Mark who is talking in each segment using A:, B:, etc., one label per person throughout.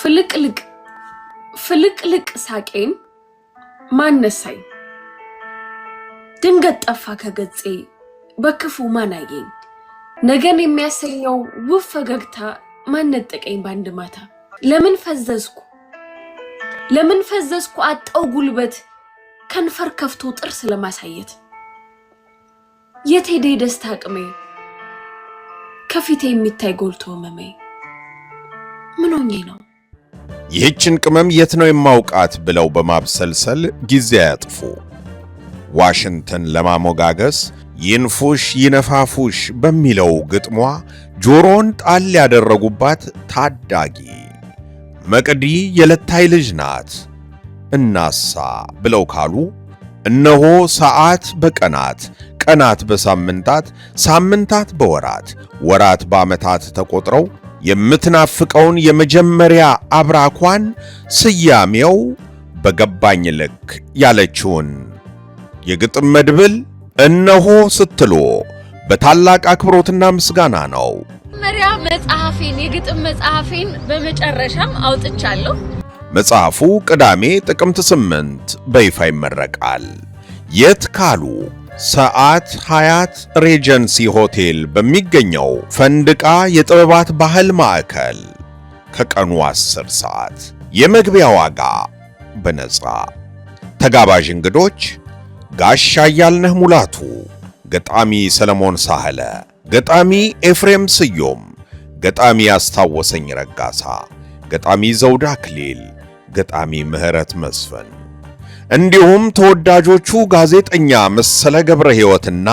A: ፍልቅልቅ ፍልቅልቅ ሳቄን ማነሳኝ ድንገት ጠፋ ከገጼ በክፉ ማናየኝ ነገን የሚያሰኘው ውብ ፈገግታ ማነጠቀኝ በአንድ ማታ ለምን ፈዘዝኩ ለምን ፈዘዝኩ አጣው ጉልበት ከንፈር ከፍቶ ጥርስ ለማሳየት የት ሄደ የደስታ አቅሜ ከፊቴ የሚታይ ጎልቶ ህመሜ ምን ሆኜ ነው?
B: ይህችን ቅመም የት ነው የማውቃት ብለው በማብሰልሰል ጊዜ አያጥፉ። ዋሽንትን ለማሞጋገስ ይንፉሽ ይነፋፉሽ በሚለው ግጥሟ ጆሮን ጣል ያደረጉባት ታዳጊ መቅዲ የለታይ ልጅ ናት። እናሳ ብለው ካሉ እነሆ ሰዓት በቀናት ቀናት በሳምንታት ሳምንታት በወራት ወራት በዓመታት ተቆጥረው የምትናፍቀውን የመጀመሪያ አብራኳን ስያሜው በገባኝ ልክ ያለችውን የግጥም መድብል እነሆ ስትሎ በታላቅ አክብሮትና ምስጋና ነው።
C: መጀመሪያ መጽሐፌን የግጥም መጽሐፌን በመጨረሻም አውጥቻለሁ።
B: መጽሐፉ ቅዳሜ ጥቅምት ስምንት በይፋ ይመረቃል። የት ካሉ ሰዓት ሀያት ሬጀንሲ ሆቴል በሚገኘው ፈንድቃ የጥበባት ባህል ማዕከል ከቀኑ 10 ሰዓት የመግቢያ ዋጋ በነፃ ተጋባዥ እንግዶች ጋሻ እያልነህ ሙላቱ፣ ገጣሚ ሰለሞን ሳህለ፣ ገጣሚ ኤፍሬም ስዮም፣ ገጣሚ አስታወሰኝ ረጋሳ፣ ገጣሚ ዘውድ አክሊል፣ ገጣሚ ምህረት መስፍን እንዲሁም ተወዳጆቹ ጋዜጠኛ መሰለ ገብረ ሕይወትና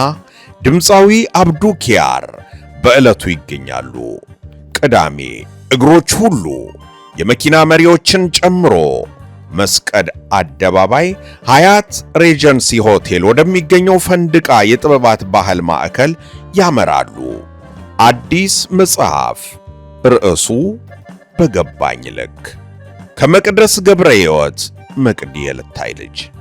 B: ድምፃዊ አብዱ ኪያር በዕለቱ ይገኛሉ። ቅዳሜ እግሮች ሁሉ የመኪና መሪዎችን ጨምሮ መስቀል አደባባይ ሀያት ሬጀንሲ ሆቴል ወደሚገኘው ፈንድቃ የጥበባት ባህል ማዕከል ያመራሉ። አዲስ መጽሐፍ ርዕሱ በገባኝ ልክ ከመቅደስ ገብረ ሕይወት መቅድ የለታይ ልጅ